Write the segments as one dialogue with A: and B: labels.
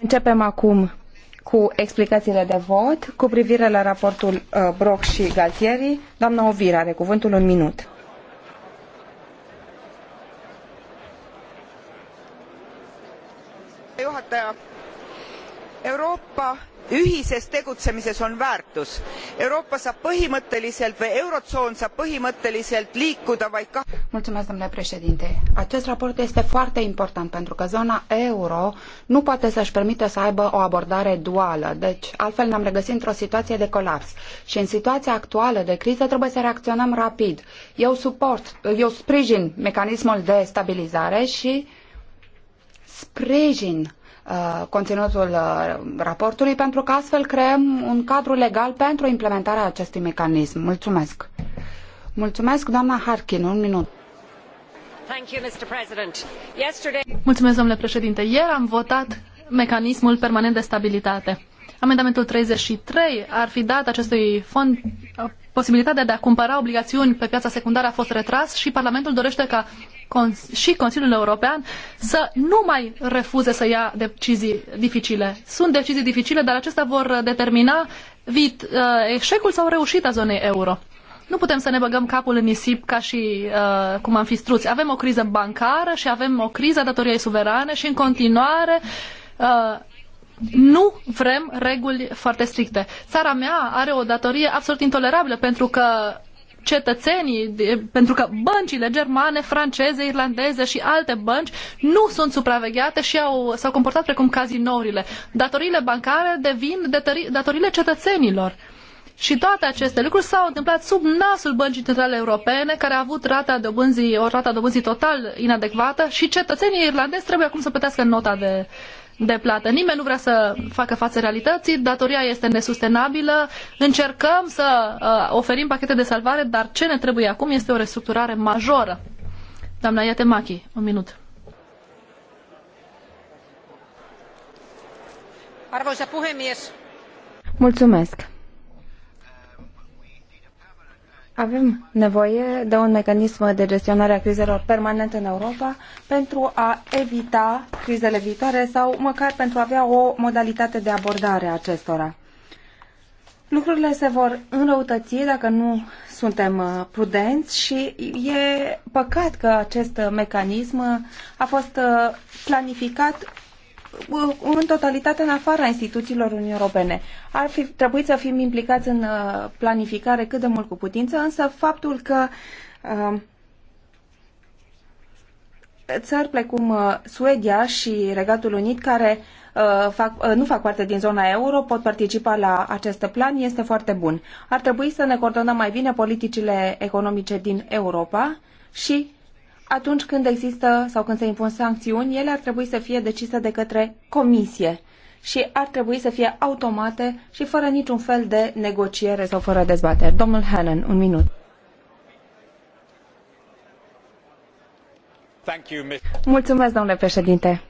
A: Începem acum cu explicațiile de vot cu privire la raportul Brok uh, Brock și Galtieri. Doamna Ovir are cuvântul un minut.
B: ühises tegutsemises on väärtus euroopa saab põhimõtteliselt või eurotsoon saab põhimõtteliselt liikuda vaid domnule președinte acest raport este foarte important pentru că zona euro nu poate să și permită să aibă o abordare duală deci altfel ne am regăsit într o situație de colaps și în situația actuală de criză trebuie să reacționăm rapid eu suport eu sprijin mecanismul de stabilizare și sprijin uh, Uh, conținutul uh, raportului, pentru că astfel creăm un cadru legal pentru implementarea acestui mecanism. Mulțumesc! Mulțumesc, doamna Harkin, un minut.
C: Mulțumesc, domnule președinte. Ieri am votat mecanismul permanent de stabilitate. Amendamentul 33 ar fi dat acestui fond uh, posibilitatea de a cumpăra obligațiuni pe piața secundară a fost retras și Parlamentul dorește ca și Consiliul European să nu mai refuze să ia decizii dificile. Sunt decizii dificile, dar acestea vor determina vit, uh, eșecul sau reușita zonei euro. Nu putem să ne băgăm capul în nisip ca și uh, cum am fi struți. Avem o criză bancară și avem o criză a datoriei suverane și în continuare uh, nu vrem reguli foarte stricte. Țara mea are o datorie absolut intolerabilă pentru că cetățenii, pentru că băncile germane, franceze, irlandeze și alte bănci nu sunt supravegheate și au, s-au comportat precum cazinourile. Datoriile bancare devin datoriile cetățenilor. Și toate aceste lucruri s-au întâmplat sub nasul Băncii Centrale Europene, care a avut rata dobânzii, o rata dobânzii total inadecvată și cetățenii irlandezi trebuie acum să plătească nota de de plată. Nimeni nu vrea să facă față realității, datoria este nesustenabilă, încercăm să uh, oferim pachete de salvare, dar ce ne trebuie acum este o restructurare majoră. Doamna Iatemachi, un minut.
B: Arvoisa puhemies.
C: Mulțumesc.
A: Avem nevoie de un mecanism de gestionare a crizelor permanent în Europa pentru a evita crizele viitoare sau măcar pentru a avea o modalitate de abordare a acestora. Lucrurile se vor înrăutăți dacă nu suntem uh, prudenți și e păcat că acest mecanism a fost uh, planificat Uh, în totalitate în afara instituțiilor Uniunii Europene. Ar fi trebuit să fim implicați în uh, planificare cât de mult cu putință, însă faptul că uh, țări precum Suedia și Regatul Unit, care fac, nu fac parte din zona euro, pot participa la acest plan, este foarte bun. Ar trebui să ne coordonăm mai bine politicile economice din Europa și atunci când există sau când se impun sancțiuni, ele ar trebui să fie decise de către comisie și ar trebui să fie automate și fără niciun fel de negociere sau fără dezbatere. Domnul Hannan, un minut. Mulțumesc, domnule președinte.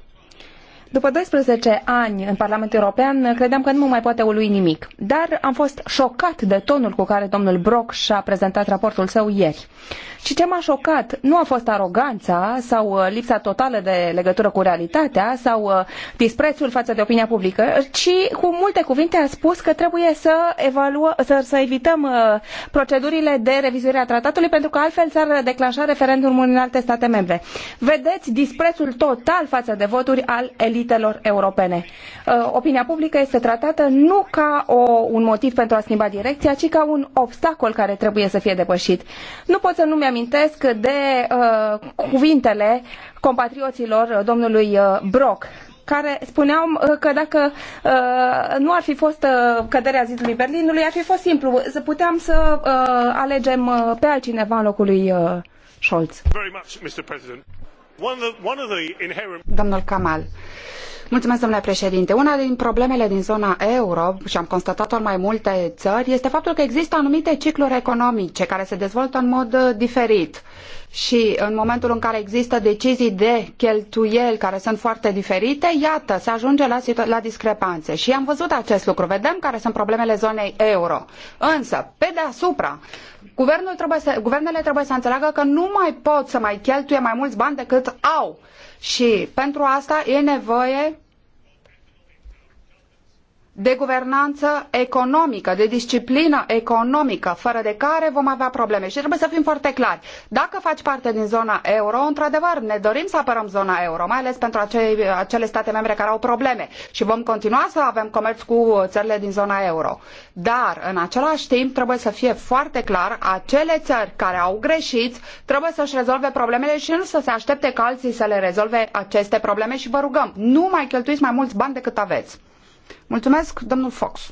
A: După 12 ani în Parlamentul European, credeam că nu mă mai poate ului nimic, dar am fost șocat de tonul cu care domnul Brok și-a prezentat raportul său ieri. Și ce m-a șocat nu a fost aroganța sau uh, lipsa totală de legătură cu realitatea sau uh, disprețul față de opinia publică, ci cu multe cuvinte a spus că trebuie să, evaluă, să, să evităm uh, procedurile de revizuire a tratatului pentru că altfel s-ar declanșa referendumul în alte state membre. Vedeți disprețul total față de voturi al elitei elitelor europene. Uh, opinia publică este tratată nu ca o, un motiv pentru a schimba direcția, ci ca un obstacol care trebuie să fie depășit. Nu pot să nu-mi amintesc de uh, cuvintele compatrioților domnului uh, Brok care spuneau uh, că dacă nu ar fi fost căderea zidului Berlinului, ar fi fost simplu. să Puteam să alegem pe altcineva în locul lui Scholz.
B: Domnul Kamal. Mulțumesc, domnule președinte. Una din problemele din zona euro, și am constatat-o în mai multe țări, este faptul că există anumite cicluri economice care se dezvoltă în mod uh, diferit și în momentul în care există decizii de cheltuieli care sunt foarte diferite, iată, se ajunge la, la discrepanțe. Și am văzut acest lucru. Vedem care sunt problemele zonei euro. Însă, pe deasupra, guvernul trebuie să, guvernele trebuie să înțeleagă că nu mai pot să mai cheltuie mai mulți bani decât au. Și pentru asta e nevoie de guvernanță economică, de disciplină economică, fără de care vom avea probleme. Și trebuie să fim foarte clari. Dacă faci parte din zona euro, într-adevăr, ne dorim să apărăm zona euro, mai ales pentru acei, acele state membre care au probleme și vom continua să avem comerț cu țările din zona euro. Dar, în același timp, trebuie să fie foarte clar, acele țări care au greșit trebuie să-și rezolve problemele și nu să se aștepte ca alții să le rezolve aceste probleme și vă rugăm, nu mai cheltuiți mai mulți bani decât
C: aveți. Mulțumesc, domnul Fox.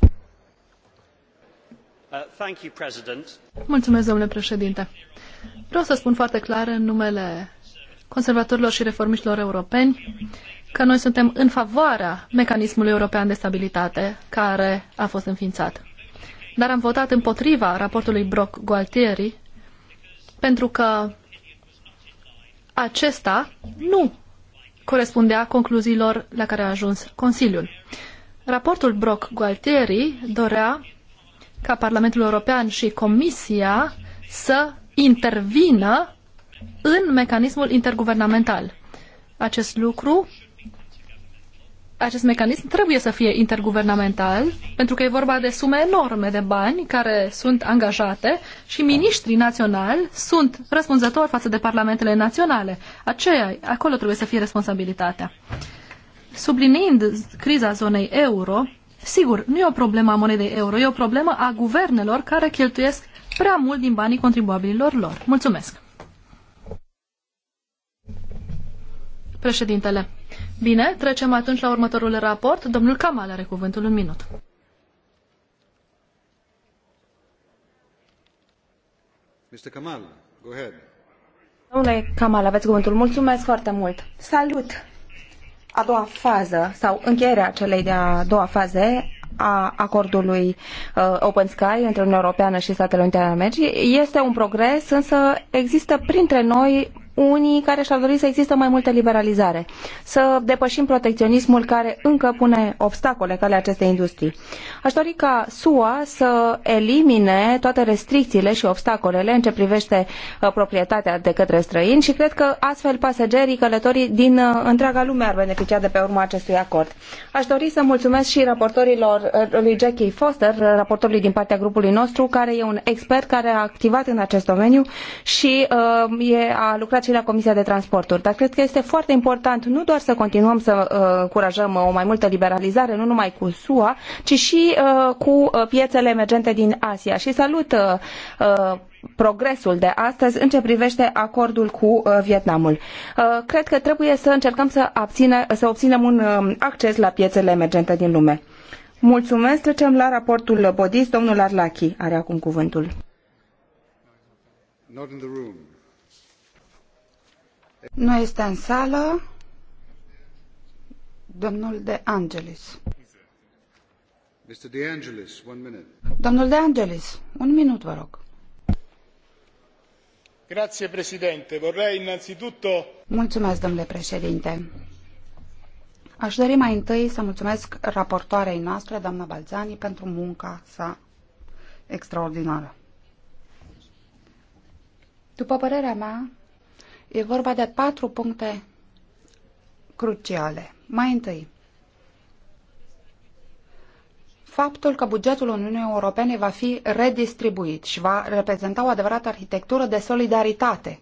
B: Uh,
C: Mulțumesc, domnule președinte. Vreau să spun foarte clar în numele conservatorilor și reformiștilor europeni că noi suntem în favoarea mecanismului european de stabilitate care a fost înființat. Dar am votat împotriva raportului Brock Gualtieri pentru că acesta nu corespundea concluziilor la care a ajuns Consiliul. Raportul Brock-Gualtieri dorea ca Parlamentul European și Comisia să intervină în mecanismul interguvernamental. Acest lucru, acest mecanism trebuie să fie interguvernamental, pentru că e vorba de sume enorme de bani care sunt angajate și miniștrii naționali sunt răspunzători față de parlamentele naționale. Aceea, acolo trebuie să fie responsabilitatea subliniind criza zonei euro, sigur, nu e o problemă a monedei euro, e o problemă a guvernelor care cheltuiesc prea mult din banii contribuabililor lor. Mulțumesc! Președintele. Bine, trecem atunci la următorul raport. Domnul Kamal are cuvântul un minut. Mr. Kamal, go ahead. Domnule Kamal,
A: aveți cuvântul. Mulțumesc foarte mult. Salut! a doua fază sau încheierea celei de-a doua faze a acordului uh, Open Sky între Uniunea Europeană și Statele Unite ale Americii. Este un progres, însă există printre noi unii care și-ar dori să există mai multă liberalizare, să depășim protecționismul care încă pune obstacole calea acestei industrii. Aș dori ca SUA să elimine toate restricțiile și obstacolele în ce privește uh, proprietatea de către străini și cred că astfel pasagerii, călătorii din uh, întreaga lume ar beneficia de pe urma acestui acord. Aș dori să mulțumesc și raportorilor uh, lui Jackie Foster, raportorului din partea grupului nostru, care e un expert care a activat în acest domeniu și uh, e, a lucrat și la Comisia de Transporturi. Dar cred că este foarte important nu doar să continuăm să încurajăm uh, uh, o mai multă liberalizare, nu numai cu SUA, ci și uh, cu piețele emergente din Asia. Și salut progresul de astăzi în ce privește acordul cu Vietnamul. Cred că trebuie să încercăm să, abține, să obținem un acces la piețele emergente din lume. Mulțumesc. Trecem la raportul Bodis. Domnul Arlachi are acum
B: cuvântul.
C: Not in the room. Nu
B: este în sală. Domnul De Angelis.
C: Mr. De Angelis, one minute.
B: Domnul De Angelis, un minut, vă rog.
C: Grazie, Presidente. Vorrei innanzitutto...
B: Mulțumesc, domnule președinte. Aș dori mai întâi să mulțumesc raportoarei noastre, doamna Balzani, pentru munca sa extraordinară. După părerea mea, E vorba de patru puncte cruciale. Mai întâi, faptul că bugetul Uniunii Europene va fi redistribuit și va reprezenta o adevărată arhitectură de solidaritate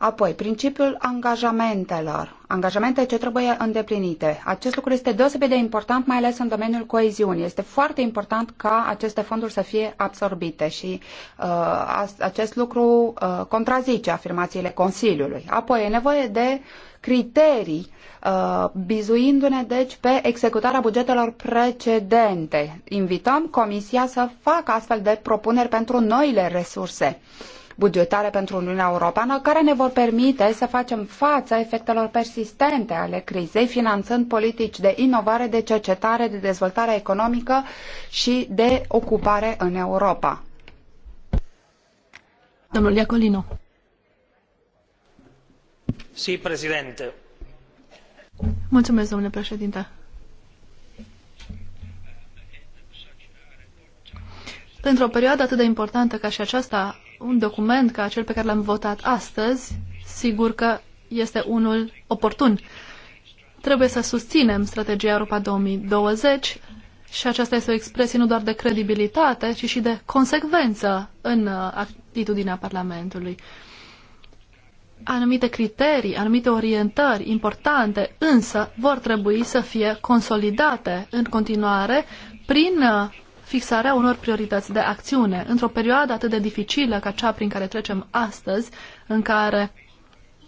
B: Apoi, principiul angajamentelor, angajamente ce trebuie îndeplinite. Acest lucru este deosebit de important, mai ales în domeniul coeziunii. Este foarte important ca aceste fonduri să fie absorbite și uh, acest lucru uh, contrazice afirmațiile Consiliului. Apoi, e nevoie de criterii, uh, bizuindu-ne deci pe executarea bugetelor precedente. Invităm Comisia să facă astfel de propuneri pentru noile resurse. Uh, bugetare pentru Uniunea Europeană, care ne vor permite să facem față efectelor persistente ale crizei, finanțând politici de inovare, de cercetare, de dezvoltare economică și de ocupare în Europa.
C: Domnul Iacolino.
A: Si, președinte.
C: Mulțumesc, domnule președinte. Într-o perioadă atât de importantă ca și aceasta un document ca cel pe care l-am votat astăzi, sigur că este unul oportun. Trebuie să susținem strategia Europa 2020 și aceasta este o expresie nu doar de credibilitate, ci și de consecvență în uh, atitudinea Parlamentului. Anumite criterii, anumite orientări importante, însă, vor trebui să fie consolidate în continuare prin uh, fixarea unor priorități de acțiune. Într-o perioadă atât de dificilă ca cea prin care trecem astăzi, în care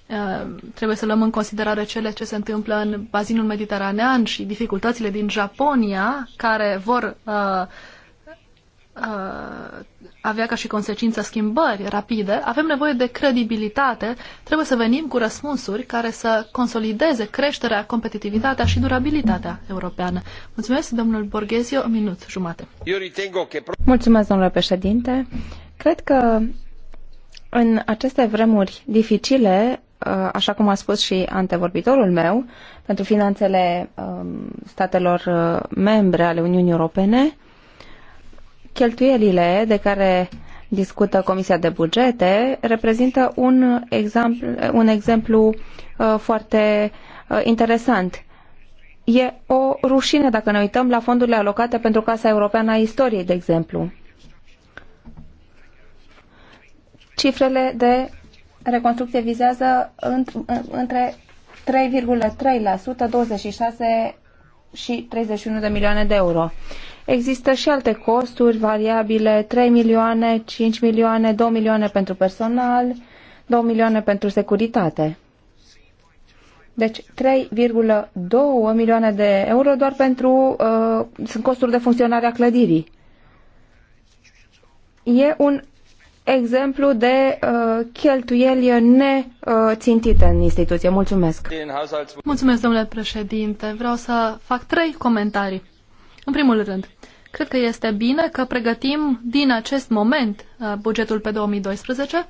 C: uh, trebuie să luăm în considerare cele ce se întâmplă în bazinul mediteranean și dificultățile din Japonia, care vor uh, uh, avea ca și consecință schimbări rapide, avem nevoie de credibilitate, trebuie să venim cu răspunsuri care să consolideze creșterea, competitivitatea și durabilitatea europeană. Mulțumesc, domnul Borghezio, un minut jumate.
A: Mulțumesc, domnule președinte. Cred că în aceste vremuri dificile, uh, așa cum a spus și antevorbitorul meu, pentru finanțele um, statelor uh, membre ale Uniunii Europene, Cheltuielile de care discută Comisia de Bugete reprezintă un exemplu, un exemplu uh, foarte uh, interesant. E o rușine dacă ne uităm la fondurile alocate pentru Casa Europeană a Istoriei, de exemplu. Cifrele de reconstrucție vizează între 3,3%, 26 și 31 de milioane de euro. Există și alte costuri variabile, 3 milioane, 5 milioane, 2 milioane pentru personal, 2 milioane pentru securitate. Deci 3,2 milioane de euro doar pentru uh, sunt costuri de funcționare a clădirii. E un exemplu de uh, cheltuieli nețintite în instituție. Mulțumesc.
C: Mulțumesc, domnule președinte. Vreau să fac trei comentarii. În primul rând, cred că este bine că pregătim din acest moment uh, bugetul pe 2012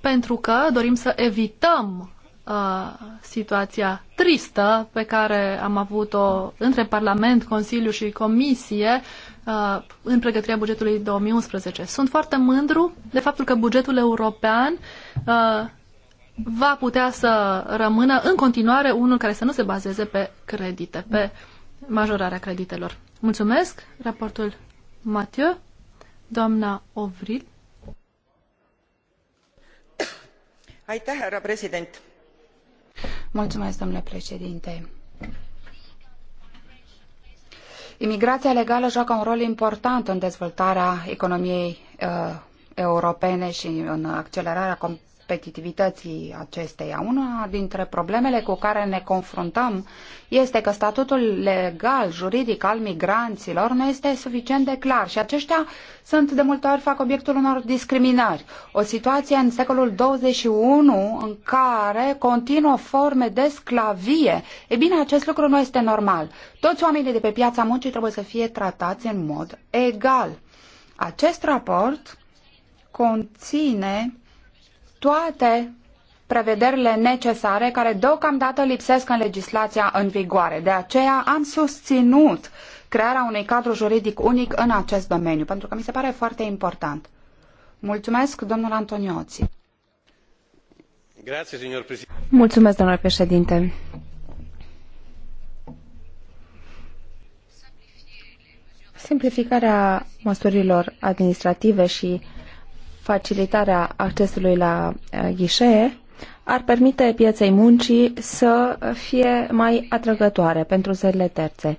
C: pentru că dorim să evităm uh, situația tristă pe care am avut-o între Parlament, Consiliu și Comisie uh, în pregătirea bugetului 2011. Sunt foarte mândru de faptul că bugetul european uh, va putea să rămână în continuare unul care să nu se bazeze pe credite, pe majorarea creditelor. Mulțumesc. Raportul Mathieu. Doamna Ovril. Aitäh, härra president.
B: Mulțumesc, domnule președinte. Imigrația legală joacă un rol important în dezvoltarea economiei uh, europene și în accelerarea competitivității acesteia. Una dintre problemele cu care ne confruntăm este că statutul legal, juridic al migranților nu este suficient de clar și aceștia sunt de multe ori fac obiectul unor discriminări. O situație în secolul 21 în care continuă forme de sclavie. E bine, acest lucru nu este normal. Toți oamenii de pe piața muncii trebuie să fie tratați în mod egal. Acest raport conține toate prevederile necesare care deocamdată lipsesc în legislația în vigoare. De aceea am susținut crearea unui cadru juridic unic în acest domeniu, pentru că mi se pare foarte important. Mulțumesc, domnul Antonioți. Mulțumesc, domnul președinte.
A: Simplificarea măsurilor administrative și facilitarea accesului la uh, ghișee ar permite pieței muncii să fie mai atrăgătoare pentru țările terțe.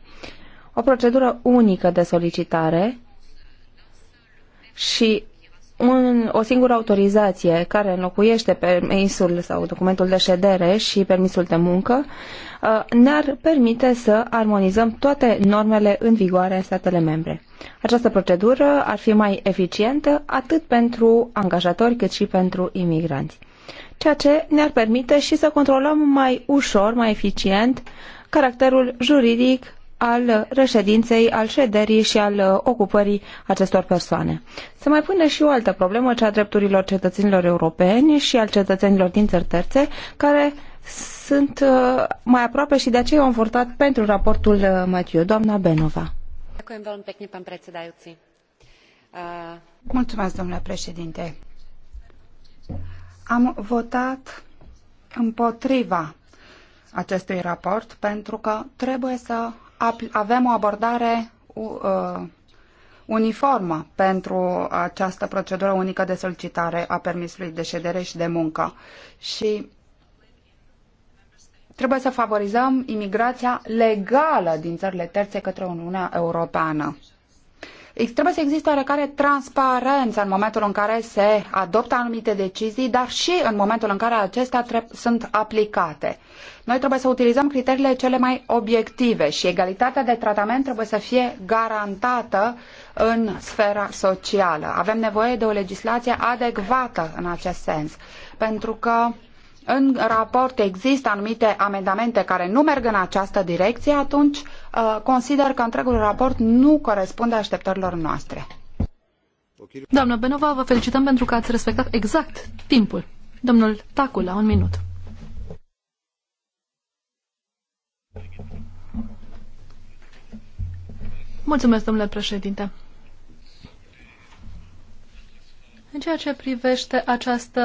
A: O procedură unică de solicitare și un, o singură autorizație care înlocuiește permisul sau documentul de ședere și permisul de muncă uh, ne-ar permite să armonizăm toate normele în vigoare în statele membre. Această procedură ar fi mai eficientă atât pentru angajatori cât și pentru imigranți, ceea ce ne-ar permite și să controlăm mai ușor, mai eficient caracterul juridic al reședinței, al șederii și al uh, ocupării acestor persoane. Se mai pune și o altă problemă, cea a drepturilor cetățenilor europeni și al cetățenilor din țări terțe, care sunt uh, mai aproape și de aceea am votat pentru raportul uh, Matiu. Doamna Benova. Mulțumesc,
B: domnule președinte. Am votat împotriva acestui raport pentru că trebuie să avem o abordare uh, uniformă pentru această procedură unică de solicitare a permisului de ședere și de muncă. Și trebuie să favorizăm imigrația legală din țările terțe către Uniunea Europeană. Trebuie să existe oarecare transparență în momentul în care se adoptă anumite decizii, dar și în momentul în care acestea sunt aplicate. Noi trebuie să utilizăm criteriile cele mai obiective și egalitatea de tratament trebuie să fie garantată în sfera socială. Avem nevoie de o legislație adecvată în acest sens, pentru că în raport există anumite amendamente care nu merg în această direcție, atunci uh, consider că întregul raport nu corespunde așteptărilor noastre.
C: Doamnă Benova, vă felicităm pentru că ați respectat exact timpul. Domnul la un minut. Mulțumesc, domnule președinte. În ceea ce privește această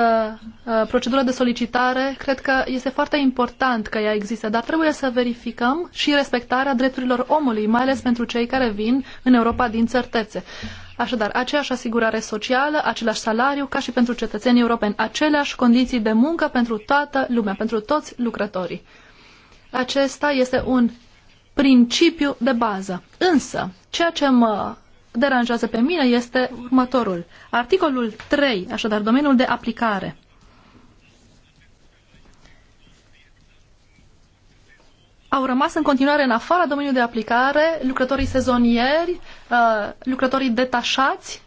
C: uh, procedură de solicitare, cred că este foarte important că ea există, dar trebuie să verificăm și respectarea drepturilor omului, mai ales pentru cei care vin în Europa din țărtețe. Așadar, aceeași asigurare socială, același salariu, ca și pentru cetățenii europeni, aceleași condiții de muncă pentru toată lumea, pentru toți lucrătorii. Acesta este un principiu de bază. Însă, ceea ce mă deranjează pe mine este următorul. Articolul 3, așadar domeniul de aplicare. Au rămas în continuare în afara domeniului de aplicare lucrătorii sezonieri, uh, lucrătorii detașați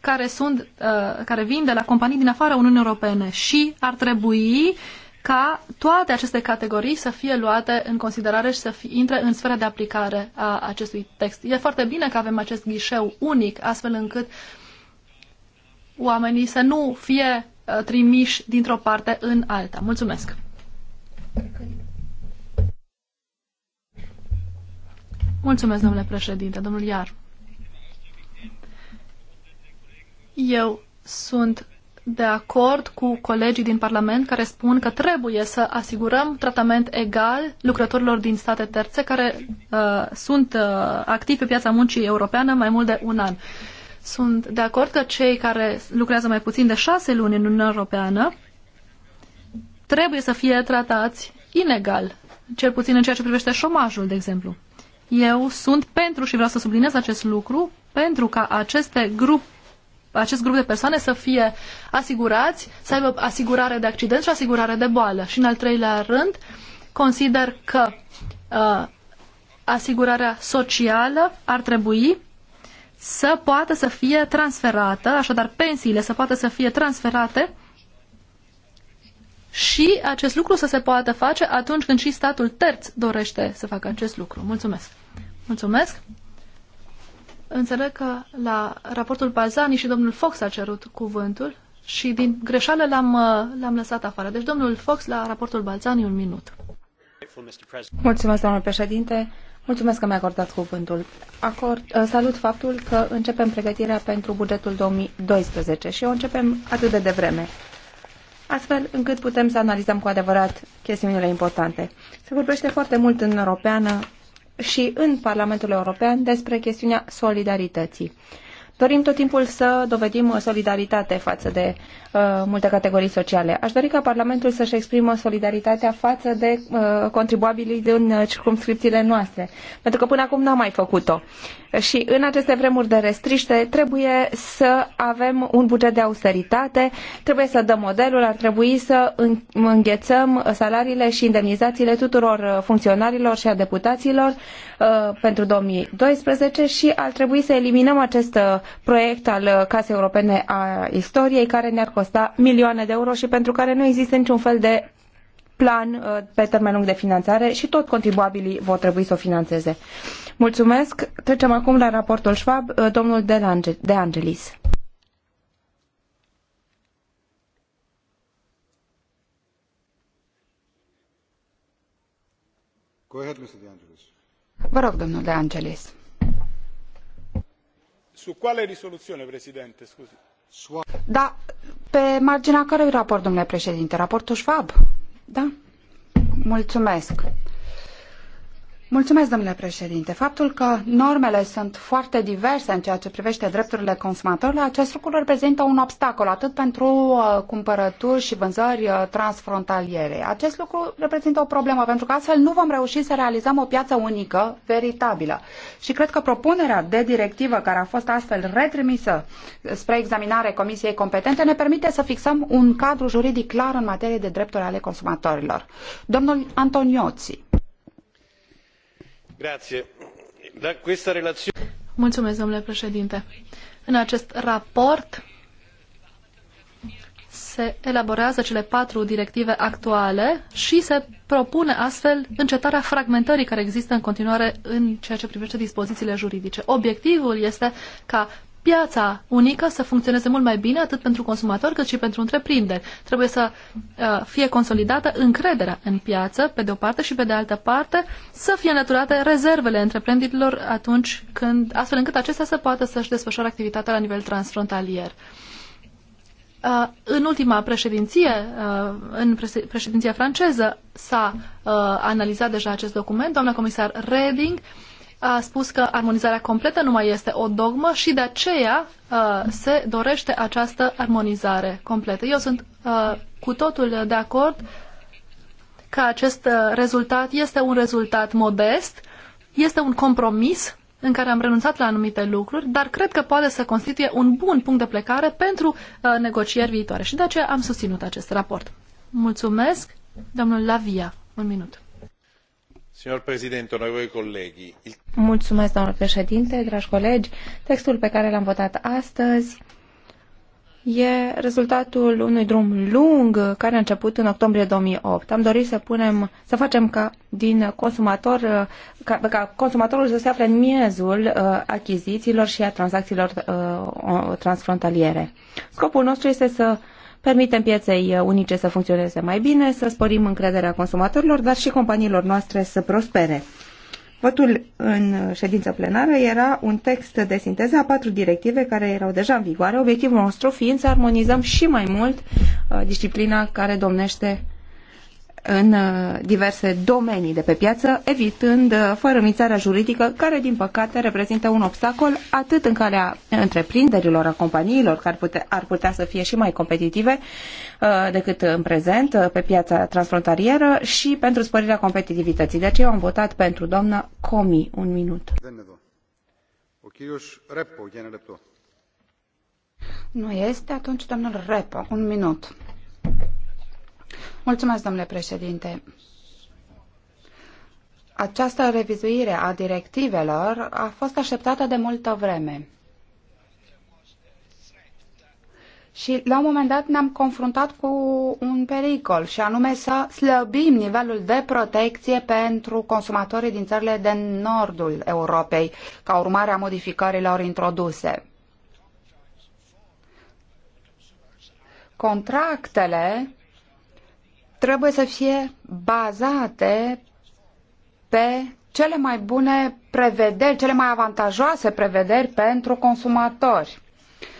C: care, sunt, uh, care vin de la companii din afara Uniunii Europene și ar trebui ca toate aceste categorii să fie luate în considerare și să fie intre în sfera de aplicare a acestui text. E foarte bine că avem acest ghișeu unic, astfel încât oamenii să nu fie uh, trimiși dintr-o parte în alta. Mulțumesc! Mulțumesc, domnule președinte, domnul Iar. Eu sunt de acord cu colegii din Parlament care spun că trebuie să asigurăm tratament egal lucrătorilor din state terțe care uh, sunt uh, activi pe piața muncii europeană mai mult de un an. Sunt de acord că cei care lucrează mai puțin de șase luni în Uniunea Europeană trebuie să fie tratați inegal, cel puțin în ceea ce privește șomajul, de exemplu. Eu sunt pentru și vreau să subliniez acest lucru, pentru ca aceste grup, acest grup de persoane să fie asigurați, să aibă asigurare de accident și asigurare de boală. Și în al treilea rând, consider că uh, asigurarea socială ar trebui să poată să fie transferată, așadar pensiile să poată să fie transferate și acest lucru să se poată face atunci când și statul terț dorește să facă acest lucru. Mulțumesc! Mulțumesc! Înțeleg că la raportul Balzani și domnul Fox a cerut cuvântul și din greșeală l-am, uh, l-am lăsat afară. Deci domnul Fox la raportul Balzani, un minut. Mulțumesc, domnul președinte. Mulțumesc că mi-a acordat
A: cuvântul. Acord, uh, salut faptul că începem pregătirea pentru bugetul 2012 și o începem atât de devreme, astfel încât putem să analizăm cu adevărat chestiunile importante. Se vorbește foarte mult în europeană și în Parlamentul European despre chestiunea solidarității. Dorim tot timpul să dovedim solidaritate față de uh, multe categorii sociale. Aș dori ca Parlamentul să-și exprimă solidaritatea față de uh, contribuabilii din uh, circumscripțiile noastre, pentru că până acum n-am mai făcut-o. Și în aceste vremuri de restriște trebuie să avem un buget de austeritate, trebuie să dăm modelul, ar trebui să înghețăm salariile și indemnizațiile tuturor uh, funcționarilor și a deputaților uh, pentru 2012 și ar trebui să eliminăm acest uh, proiect al uh, Casei Europene a Istoriei, care ne-ar costa milioane de euro și pentru care nu există niciun fel de plan uh, pe termen lung de finanțare și tot contribuabilii vor trebui să o finanțeze. Mulțumesc. Trecem acum la raportul Schwab, uh, domnul De Angelis.
B: Vă rog, domnul De Angelis.
C: Su quale risoluzione, Presidente? Scusi.
B: Da, pe marginea cărui raport, domnule președinte? Raportul Schwab? Da? Mulțumesc. Mulțumesc, domnule președinte. Faptul că normele sunt foarte diverse în ceea ce privește drepturile consumatorilor, acest lucru reprezintă un obstacol atât pentru uh, cumpărături și vânzări uh, transfrontaliere. Acest lucru reprezintă o problemă pentru că astfel nu vom reuși să realizăm o piață unică veritabilă. Și cred că propunerea de directivă care a fost astfel retrimisă spre examinare Comisiei competente ne permite să fixăm un cadru juridic clar în materie de drepturi ale consumatorilor.
C: Domnul Antonioții. Da, Mulțumesc, domnule președinte. În acest raport se elaborează cele patru directive actuale și se propune astfel încetarea fragmentării care există în continuare în ceea ce privește dispozițiile juridice. Obiectivul este ca piața unică să funcționeze mult mai bine atât pentru consumator cât și pentru întreprinderi. Trebuie să uh, fie consolidată încrederea în piață, pe de o parte, și pe de altă parte să fie înlăturate rezervele întreprinderilor atunci când, astfel încât acestea să poată să-și desfășoare activitatea la nivel transfrontalier. Uh, în ultima președinție, uh, în președinția franceză, s-a uh, analizat deja acest document. Doamna comisar Reding a spus că armonizarea completă nu mai este o dogmă și de aceea uh, se dorește această armonizare completă. Eu sunt uh, cu totul de acord că acest uh, rezultat este un rezultat modest, este un compromis în care am renunțat la anumite lucruri, dar cred că poate să constituie un bun punct de plecare pentru uh, negocieri viitoare și de aceea am susținut acest raport. Mulțumesc, domnul Lavia. Un minut. Mulțumesc,
A: președinte, dragi colegi. Textul pe care l-am votat astăzi e rezultatul unui drum lung care a început în octombrie 2008. Am dorit să punem, să facem ca din consumator, ca, ca consumatorul să se afle în miezul uh, achizițiilor și a tranzacțiilor uh, transfrontaliere. Scopul nostru este să uh, permitem pieței uh, unice să funcționeze mai bine, să sporim încrederea consumatorilor, dar și companiilor noastre să prospere. Votul în uh, ședință plenară era un text de sinteză a patru directive care erau deja în vigoare, obiectivul nostru fiind să armonizăm și mai mult uh, disciplina care domnește în uh, diverse domenii de pe piață, evitând uh, fărâmițarea juridică, care, din păcate, reprezintă un obstacol atât în calea întreprinderilor, a companiilor, care ar putea să fie și mai competitive uh, decât în prezent pe piața transfrontalieră și pentru sporirea competitivității. De aceea am votat pentru doamna Comi. Un minut.
B: Nu este? Atunci, domnul Repo, un minut. Mulțumesc, domnule președinte. Această revizuire a directivelor a fost așteptată de multă vreme. Și la un moment dat ne-am confruntat cu un pericol și anume să slăbim nivelul de protecție pentru consumatorii din țările din nordul Europei ca urmare a modificărilor introduse. Contractele trebuie să fie bazate pe cele mai bune prevederi, cele mai avantajoase prevederi pentru consumatori.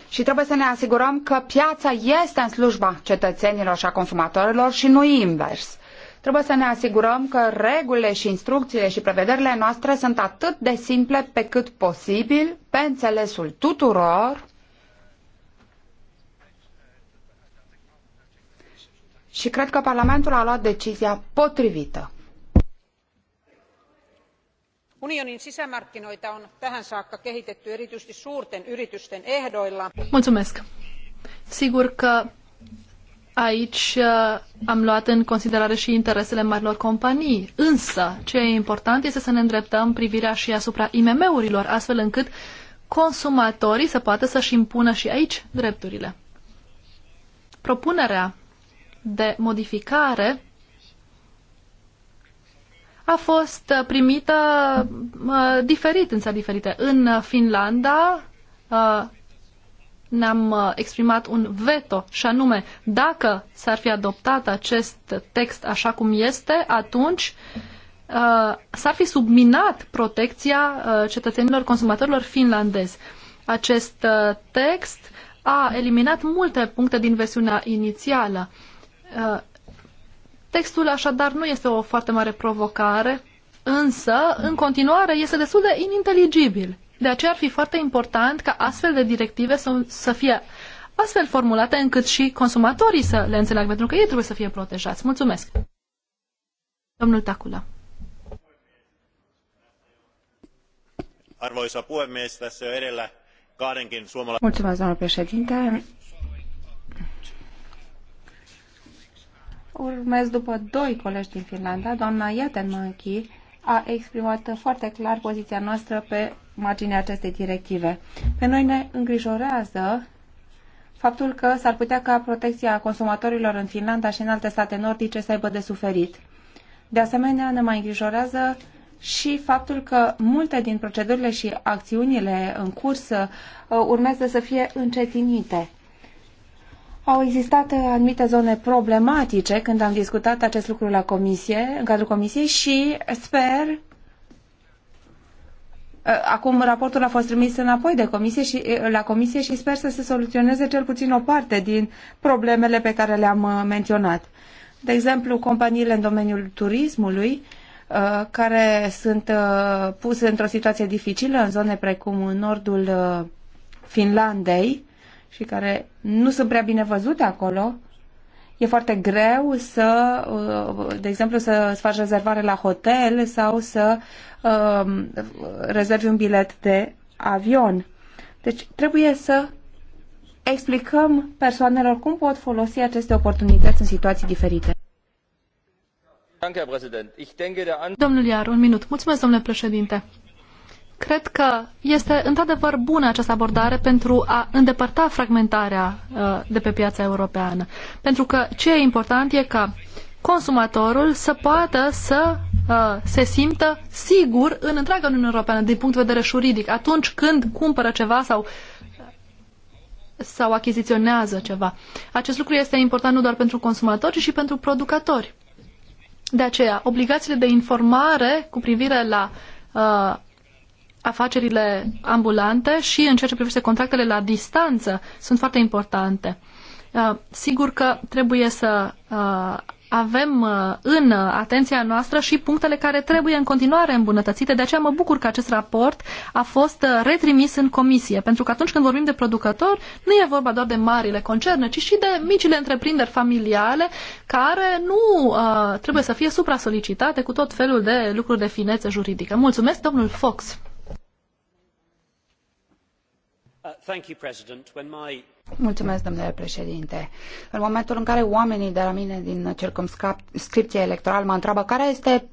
B: Și trebuie să ne asigurăm că piața este în slujba cetățenilor și a consumatorilor și nu invers. Trebuie să ne asigurăm că regulile și instrucțiile și prevederile noastre sunt atât de simple pe cât posibil, pe înțelesul tuturor și cred că Parlamentul a luat decizia potrivită. Unionin sisämarkkinoita on tähän saakka kehitetty erityisesti suurten yritysten ehdoilla.
C: Mulțumesc. Sigur că aici uh, am luat în considerare și interesele marilor companii, însă ce e important este să ne îndreptăm privirea și asupra IMM-urilor, astfel încât consumatorii să poată să-și impună și aici drepturile. Propunerea de modificare a fost primită uh, diferit în țări diferite. În Finlanda uh, ne-am ă, exprimat un veto și anume dacă s-ar fi adoptat acest text așa cum este, atunci uh, s-ar fi subminat protecția cetățenilor consumatorilor finlandezi. Acest text a eliminat multe puncte din versiunea inițială. Uh, Uh, textul așadar nu este o foarte mare provocare, însă în continuare este destul de ininteligibil. De aceea ar fi foarte important ca astfel de directive să, să fie astfel formulate încât și consumatorii să le înțeleagă, pentru că ei trebuie să fie protejați. Mulțumesc! Domnul Tacula.
A: Arvoisa puhemies, tässä on edellä kahdenkin suomalaisen... Mulțumesc, domnul președinte. Urmez după doi colegi din Finlanda, doamna Manchi a exprimat foarte clar poziția noastră pe marginea acestei directive. Pe noi ne îngrijorează faptul că s-ar putea ca protecția consumatorilor în Finlanda și în alte state nordice să aibă de suferit. De asemenea, ne mai îngrijorează și faptul că multe din procedurile și acțiunile în curs uh, urmează să fie încetinite. Au existat uh, anumite zone problematice când am discutat acest lucru la comisie, în cadrul comisiei și sper uh, Acum raportul a fost trimis înapoi de comisie și, uh, la comisie și sper să se soluționeze cel puțin o parte din problemele pe care le-am menționat. De exemplu, companiile în domeniul turismului care sunt puse într-o situație dificilă în zone precum nordul Finlandei, și care nu sunt prea bine văzute acolo, e foarte greu să, uh, de exemplu, să faci rezervare la hotel sau să um, rezervi un bilet de avion. Deci trebuie să explicăm persoanelor cum pot folosi aceste oportunități în situații diferite.
C: Domnul Iar, un minut. Mulțumesc, domnule președinte. Cred că este într-adevăr bună această abordare pentru a îndepărta fragmentarea uh, de pe piața europeană. Pentru că ce e important e ca consumatorul să poată să uh, se simtă sigur în întreaga Uniune Europeană din punct de vedere juridic atunci când cumpără ceva sau sau achiziționează ceva. Acest lucru este important nu doar pentru consumatori, ci și pentru producători. De aceea, obligațiile de informare cu privire la uh, afacerile ambulante și în ceea ce privește contractele la distanță sunt foarte importante. Uh, sigur că trebuie să uh, avem uh, în atenția noastră și punctele care trebuie în continuare îmbunătățite. De aceea mă bucur că acest raport a fost retrimis în comisie, pentru că atunci când vorbim de producători, nu e vorba doar de marile concerne, ci și de micile întreprinderi familiale care nu uh, trebuie să fie supra-solicitate cu tot felul de lucruri de finețe juridică. Mulțumesc, domnul Fox. Uh, Mulțumesc, domnule
B: președinte. În momentul în care oamenii de la mine din circumscripția electorală mă întreabă care este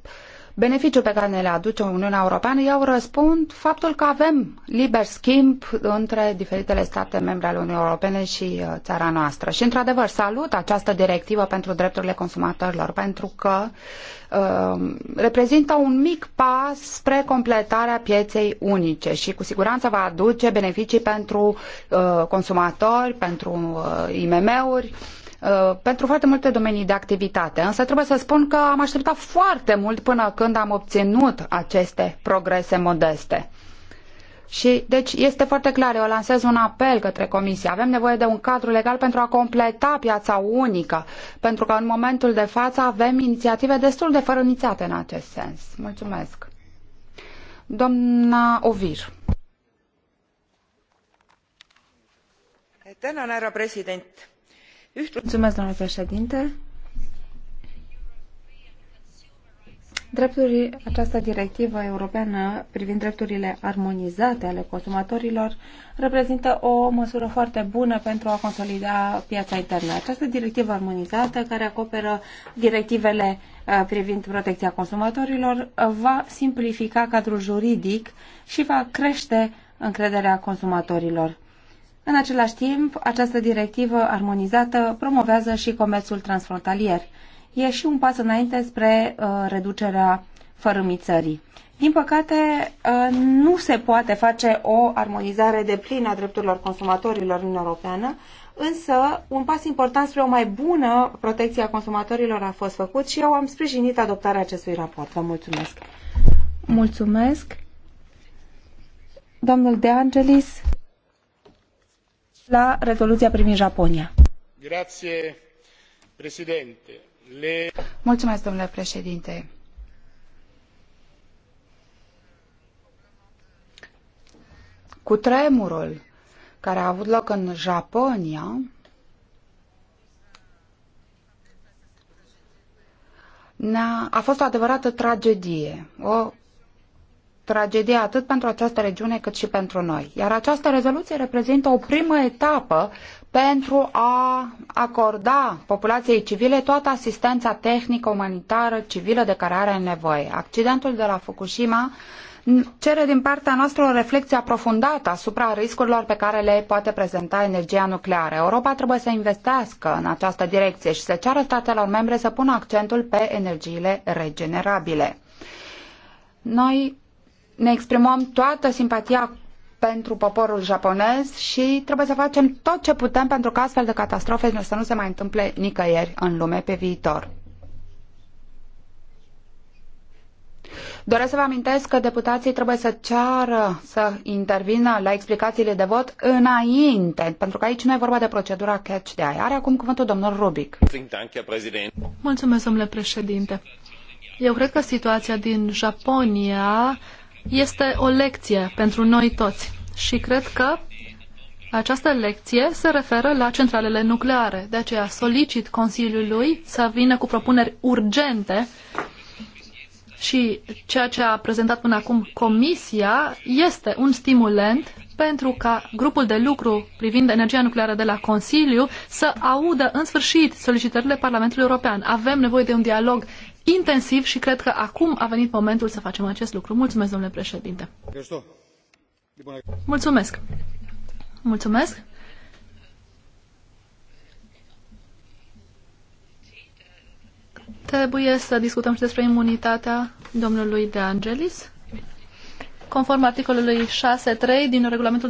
B: beneficiul pe care ne le aduce Uniunea Europeană, eu răspund faptul că avem liber schimb între diferitele state membre ale Uniunii Europene și uh, țara noastră. Și, într-adevăr, salut această directivă pentru drepturile consumatorilor, pentru că uh, reprezintă un mic pas spre completarea pieței unice și cu siguranță va aduce beneficii pentru uh, consumatori, pentru uh, IMM-uri, uh, Uh, pentru foarte multe domenii de activitate. Însă trebuie să spun că am așteptat foarte mult până când am obținut aceste progrese modeste. Și, deci, este foarte clar, eu lansez un apel către Comisie. Avem nevoie de un cadru legal pentru a completa piața unică, pentru că în momentul de față avem inițiative destul de fărânițate în acest sens. Mulțumesc. Doamna Ovir. Eternă, härra președinte
A: această directivă europeană privind drepturile armonizate ale consumatorilor reprezintă o măsură foarte bună pentru a consolida piața internă. Această directivă armonizată, care acoperă directivele uh, privind protecția consumatorilor, va simplifica cadrul juridic și va crește încrederea consumatorilor în același timp, această directivă armonizată promovează și comerțul transfrontalier. E și un pas înainte spre uh, reducerea fărâmițării. Din păcate, uh, nu se poate face o armonizare de plină a drepturilor consumatorilor în Europeană, însă un pas important spre o mai bună protecție a consumatorilor a fost făcut și eu am sprijinit adoptarea acestui raport. Vă mulțumesc! Mulțumesc! Domnul De Angelis, la rezoluția privind Japonia.
C: Grazie, Le...
B: Mulțumesc, domnule președinte. Cu tremurul care a avut loc în Japonia, a fost o adevărată tragedie, o tragedie atât pentru această regiune cât și pentru noi. Iar această rezoluție reprezintă o primă etapă pentru a acorda populației civile toată asistența tehnică, umanitară, civilă de care are nevoie. Accidentul de la Fukushima cere din partea noastră o reflexie aprofundată asupra riscurilor pe care le poate prezenta energia nucleară. Europa trebuie să investească în această direcție și să ceară statelor membre să pună accentul pe energiile regenerabile. Noi ne exprimăm toată simpatia pentru poporul japonez și trebuie să facem tot ce putem pentru ca astfel de catastrofe să nu se mai întâmple nicăieri în lume pe viitor. Doresc să vă amintesc că deputații trebuie să ceară să intervină la explicațiile de vot înainte, pentru că aici nu e vorba de procedura catch
C: de aia. Are acum cuvântul domnul Rubic. Mulțumesc, domnule președinte. Eu cred că situația din Japonia este o lecție pentru noi toți și cred că această lecție se referă la centralele nucleare. De aceea solicit Consiliului să vină cu propuneri urgente și ceea ce a prezentat până acum Comisia este un stimulent pentru ca grupul de lucru privind energia nucleară de la Consiliu să audă în sfârșit solicitările Parlamentului European. Avem nevoie de un dialog intensiv și cred că acum a venit momentul să facem acest lucru. Mulțumesc, domnule președinte. Mulțumesc. Mulțumesc. Trebuie să discutăm și despre imunitatea domnului De Angelis. Conform articolului 6.3 din regulamentul de